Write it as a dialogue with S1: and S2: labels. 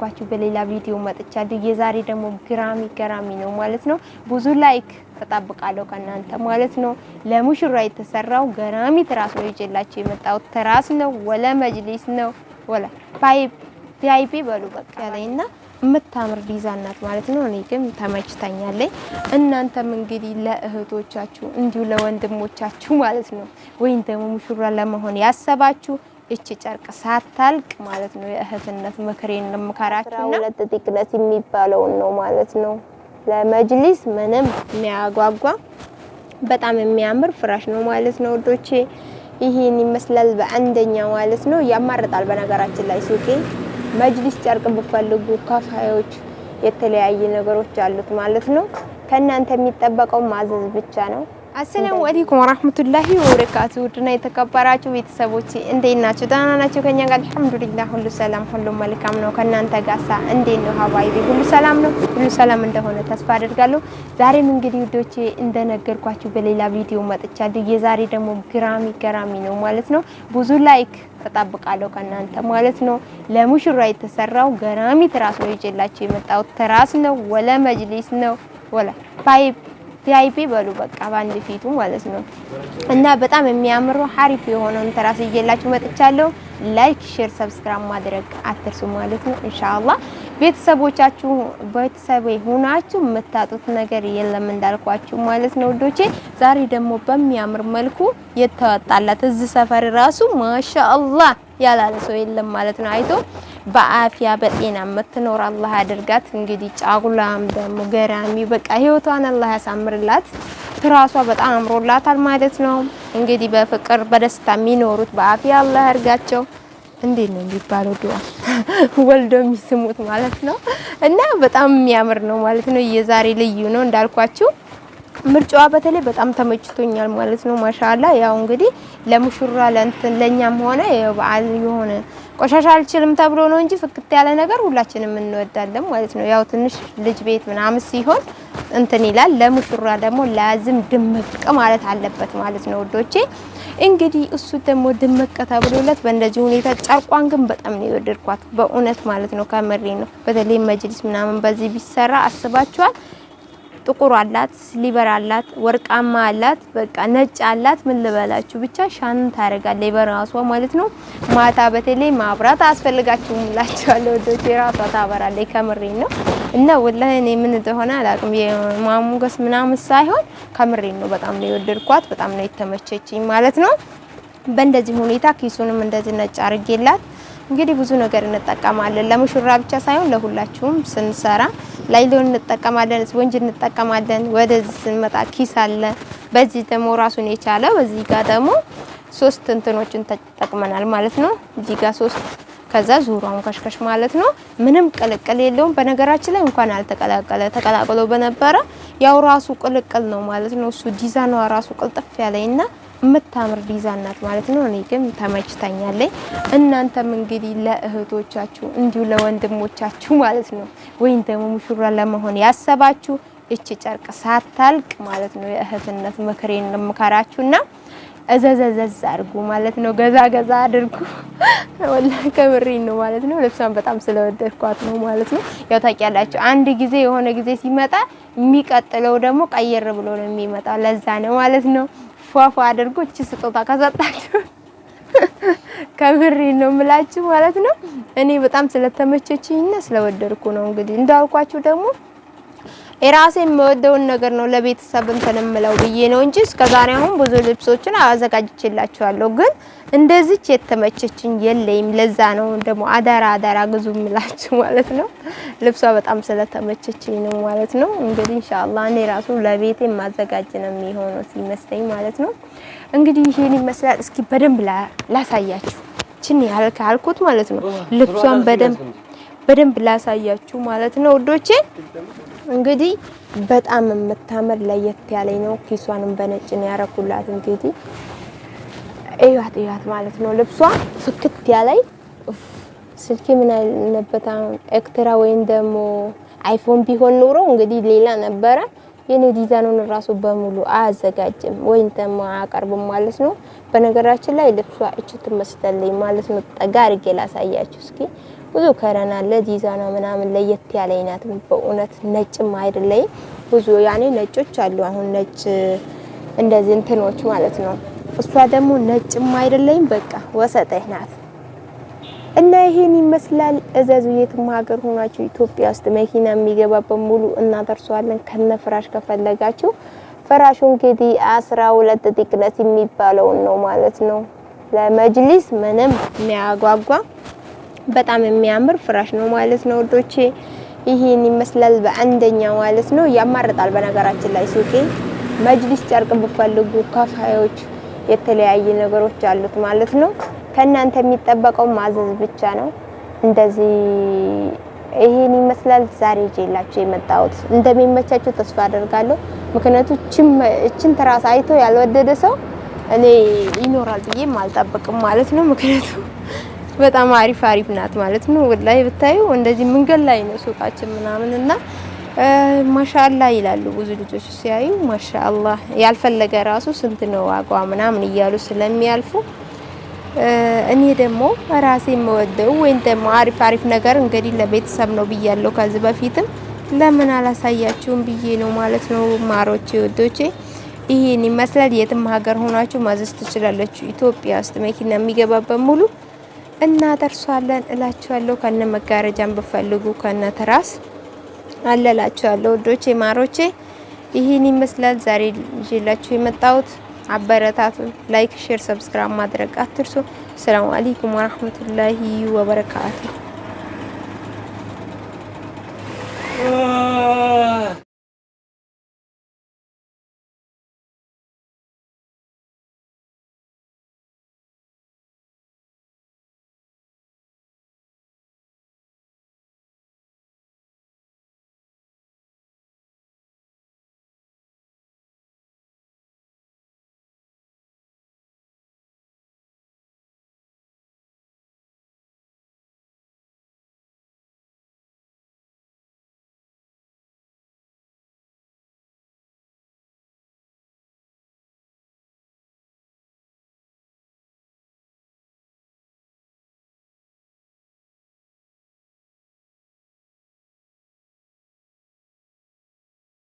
S1: እንዳልኳችሁ በሌላ ቪዲዮ መጥቻለሁ። የዛሬ ደግሞ ግራሚ ገራሚ ነው ማለት ነው። ብዙ ላይክ ተጣብቃለሁ ከእናንተ ማለት ነው። ለሙሽራ የተሰራው ገራሚ ትራስ ነው ይዤላችሁ የመጣሁት ትራስ ነው ወለ መጅሊስ ነው ወለ ቪአይፒ በሉ በቃ ያለኝና የምታምር ዲዛይን ናት ማለት ነው። እኔ ግን ተመችታኛለኝ። እናንተም እንግዲህ ለእህቶቻችሁ እንዲሁ ለወንድሞቻችሁ ማለት ነው ወይም ደግሞ ሙሽራ ለመሆን ያሰባችሁ እቺ ጨርቅ ሳታልቅ ማለት ነው። የእህትነት ምክሬን ልምከራችሁ
S2: ነው። ሁለት ቲክነት የሚባለውን ነው ማለት ነው። ለመጅሊስ ምንም የሚያጓጓ በጣም የሚያምር ፍራሽ ነው ማለት ነው ወዶቼ ይህን ይመስላል በአንደኛ ማለት ነው። ያማርጣል። በነገራችን ላይ ሱቄ መጅሊስ ጨርቅ ብፈልጉ ከፋዮች የተለያየ ነገሮች አሉት ማለት ነው። ከእናንተ የሚጠበቀው ማዘዝ ብቻ ነው።
S1: አሰላሙ አለይኩም ወራህመቱላሂ ወበረካቱ። ውድና የተከበራችሁ ቤተሰቦች እንዴት ናችሁ? ደህና ናችሁ? ከኛ ጋር አልሐምዱሊላህ ሁሉ ሰላም፣ ሁሉ መልካም ነው። ከእናንተ ጋሳ እንዴት ነው? ሀባይቢ ሁሉ ሰላም ነው? ሁሉ ሰላም እንደሆነ ተስፋ አደርጋለሁ። ዛሬም እንግዲህ ውዶቼ እንደነገርኳችሁ በሌላ ቪዲዮ መጥቻለሁ። የዛሬ ደግሞ ግራሚ ገራሚ ነው ማለት ነው። ብዙ ላይክ ተጣብቃለሁ ከእናንተ ማለት ነው። ለሙሽራ የተሰራው ገራሚ ትራስ ነው ይዤላችሁ የመጣሁት። ትራስ ነው ወለ መጅሊስ ነው ወለ ፓይፕ ቪአይፒ በሉ በቃ በአንድ ፊቱ ማለት ነው። እና በጣም የሚያምሩ ሀሪፍ የሆነውን ትራስ ይዤላችሁ መጥቻለሁ። ላይክ፣ ሼር፣ ሰብስክራይብ ማድረግ አትርሱ ማለት ነው። ኢንሻአላህ ቤተሰቦቻችሁ ቤተሰብ ሆናችሁ የምታጡት ነገር የለም እንዳልኳችሁ ማለት ነው ውዶቼ። ዛሬ ደግሞ በሚያምር መልኩ የተዋጣላት እዚህ ሰፈር ራሱ ማሻአላህ ያላለ ሰው የለም ማለት ነው አይቶ በአፊያ በጤና የምትኖር አላህ አድርጋት። እንግዲህ ጫጉላም ደግሞ ገራሚ በቃ ህይወቷን አላህ ያሳምርላት። ትራሷ በጣም አምሮላታል ማለት ነው። እንግዲህ በፍቅር በደስታ የሚኖሩት በአፊያ አላህ አድርጋቸው። እንዴት ነው የሚባለው? ዱዓ ወልደው የሚስሙት ማለት ነው። እና በጣም የሚያምር ነው ማለት ነው። የዛሬ ልዩ ነው እንዳልኳችሁ ምርጫዋ በተለይ በጣም ተመችቶኛል ማለት ነው። ማሻላ ያው እንግዲህ ለሙሽራ ለእንትን ለእኛም ሆነ በዓል የሆነ ቆሻሻ አልችልም ተብሎ ነው እንጂ ፍክት ያለ ነገር ሁላችንም እንወዳለን ማለት ነው። ያው ትንሽ ልጅ ቤት ምናምን ሲሆን እንትን ይላል። ለሙሽራ ደግሞ ለዝም ድምቅ ማለት አለበት ማለት ነው ውዶቼ። እንግዲህ እሱ ደግሞ ድምቅ ተብሎለት በእንደዚህ ሁኔታ ጨርቋን ግን በጣም ነው የወደድኳት በእውነት ማለት ነው። ከምሬ ነው። በተለይ መጅሊስ ምናምን በዚህ ቢሰራ አስባችኋል ጥቁር አላት፣ ሊበር አላት፣ ወርቃማ አላት፣ በቃ ነጭ አላት። ምን ልበላችሁ ብቻ ሻንን ታደርጋለች በራሷ ማለት ነው። ማታ በተለይ ማብራት አስፈልጋችሁም ላችኋለሁ ወዶች፣ የራሷ ታበራለች። ከምሬ ነው እና ወላሂ እኔ ምን እንደሆነ አላውቅም። የማሙገስ ምናምን ሳይሆን ከምሬ ነው። በጣም ነው የወደድኳት፣ በጣም ነው የተመቸችኝ ማለት ነው። በእንደዚህ ሁኔታ ኪሱንም እንደዚህ ነጭ አድርጌላት እንግዲህ ብዙ ነገር እንጠቀማለን። ለሙሽራ ብቻ ሳይሆን ለሁላችሁም ስንሰራ ላይሎን እንጠቀማለን፣ ስወንጅ እንጠቀማለን። ወደዚህ ስንመጣ ኪስ አለ። በዚህ ደግሞ ራሱን የቻለ በዚህ ጋር ደግሞ ሶስት እንትኖችን ተጠቅመናል ማለት ነው። እዚህ ጋር ሶስት ከዛ ዙሯውን ከሽከሽ ማለት ነው። ምንም ቅልቅል የለውም። በነገራችን ላይ እንኳን አልተቀላቀለ ተቀላቅሎ በነበረ ያው ራሱ ቅልቅል ነው ማለት ነው። እሱ ዲዛይኗ ራሱ ቅልጥፍ ያለና የምታምር ዲዛይን ናት ማለት ነው። እኔ ግን ተመችታኛለኝ። እናንተም እንግዲህ ለእህቶቻችሁ እንዲሁ ለወንድሞቻችሁ ማለት ነው ወይም ደግሞ ሙሽራ ለመሆን ያሰባችሁ እች ጨርቅ ሳታልቅ ማለት ነው የእህትነት ምክሬን ልምከራችሁና እዘዘዘዝ አድርጉ ማለት ነው። ገዛ ገዛ አድርጉ። ወላ ከምሬን ነው ማለት ነው። ልብሷን በጣም ስለወደድኳት ነው ማለት ነው። ያው ታውቂያላችሁ አንድ ጊዜ የሆነ ጊዜ ሲመጣ የሚቀጥለው ደግሞ ቀየር ብሎ ነው የሚመጣው። ለዛ ነው ማለት ነው። ፏፏ አድርጎ እቺ ስጦታ ከሰጣችሁ ከምሬ ነው የምላችሁ ማለት ነው። እኔ በጣም ስለተመቸችኝና ስለወደድኩ ነው። እንግዲህ እንዳልኳችሁ ደግሞ የራሴ የምወደውን ነገር ነው ለቤተሰብ እንትን እምለው ብዬ ነው እንጂ እስከዛሬ አሁን ብዙ ልብሶችን አዘጋጅቼላችኋለሁ፣ ግን እንደዚች የተመቸችኝ የለኝም። ለዛ ነው ደግሞ አደራ አደራ ግዙ እምላችሁ ማለት ነው። ልብሷ በጣም ስለተመቸችኝ ነው ማለት ነው። እንግዲህ እንሻላ እኔ ራሱ ለቤቴ የማዘጋጅ ነው የሚሆነው ሲመስለኝ ማለት ነው። እንግዲህ ይሄን ይመስላል። እስኪ በደንብ ላሳያችሁ ችን ያልክ አልኩት ማለት ነው። ልብሷን በደንብ በደንብ ላሳያችሁ ማለት ነው ውዶቼ እንግዲህ በጣም የምታምር ለየት ያለኝ ነው። ኪሷንም በነጭ ነው ያረኩላት። እንግዲህ እያት እያት ማለት ነው። ልብሷ ፍክት ያለኝ ስልኪ ምን አለበት አሁን ኤክስትራ ወይም ደግሞ አይፎን ቢሆን ኑሮ እንግዲህ ሌላ ነበረ። የኔ ዲዛይኑን ራሱ በሙሉ አያዘጋጅም ወይም ደግሞ አያቀርብም ማለት ነው። በነገራችን ላይ ልብሷ እችት መስጠልኝ ማለት ነው። ጠጋ አድርጌ ላሳያችሁ እስኪ ብዙ ከረን አለ ዲዛ ነው ምናምን ለየት ያለ አይነት በእውነት ነጭም አይደለኝ ብዙ ያኔ ነጮች አሉ። አሁን ነጭ እንደዚህ እንትኖች ማለት ነው። እሷ ደግሞ ነጭም አይደለኝ በቃ ወሰጠኝ ናት። እና ይሄን ይመስላል። እዘዙ። የትም ሀገር ሆናችሁ ኢትዮጵያ ውስጥ መኪና የሚገባ በሙሉ እናደርሰዋለን ከነ ፍራሽ ከፈለጋችሁ። ፍራሹ እንግዲህ አስራ ሁለት ቲክነት የሚባለውን ነው ማለት ነው። ለመጅሊስ ምንም የሚያጓጓ በጣም የሚያምር ፍራሽ ነው ማለት ነው ወዶቼ። ይህን ይመስላል በአንደኛ ማለት ነው። ያማርጣል። በነገራችን ላይ ሱቄ መጅሊስ ጨርቅ ብፈልጉ ከፋዮች የተለያዩ ነገሮች አሉት ማለት ነው። ከእናንተ የሚጠበቀው ማዘዝ ብቻ ነው። እንደዚህ ይሄን ይመስላል ዛሬ ይዤላችሁ የመጣሁት። እንደሚመቻችሁ ተስፋ አደርጋለሁ። ምክንያቱም እችን ትራስ አይቶ ያልወደደ ሰው እኔ ይኖራል ብዬ አልጠብቅም ማለት ነው ምክንያቱም በጣም አሪፍ አሪፍ ናት ማለት ነው። ወላይ ብታዩ እንደዚህ መንገድ ላይ ነው ሱቃችን ምናምን እና ማሻአላ ይላሉ ብዙ ልጆች ሲያዩ ማሻአላ ያልፈለገ ራሱ ስንት ነው ዋጋ ምናምን እያሉ ስለሚያልፉ እኔ ደግሞ ራሴ የምወደው ወይም ደግሞ አሪፍ አሪፍ ነገር እንግዲህ ለቤተሰብ ነው ብያለሁ ከዚህ በፊትም ለምን አላሳያችሁም ብዬ ነው ማለት ነው። ማሮች ወዶቼ ይሄን ይመስላል። የትም ሀገር ሆናችሁ ማዘዝ ትችላላችሁ። ኢትዮጵያ ውስጥ መኪና የሚገባበት ሙሉ እናደርሷለን እላችኋለሁ። ከነ መጋረጃን ብፈልጉ ከነ ትራስ አለላችኋለሁ። ወዶቼ ማሮቼ ይህን ይመስላል ዛሬ ይዤላችሁ የመጣሁት። አበረታቱ። ላይክ፣ ሼር፣ ሰብስክራይብ ማድረግ አትርሱ። ሰላም አለይኩም ወራህመቱላሂ ወበረካቱ።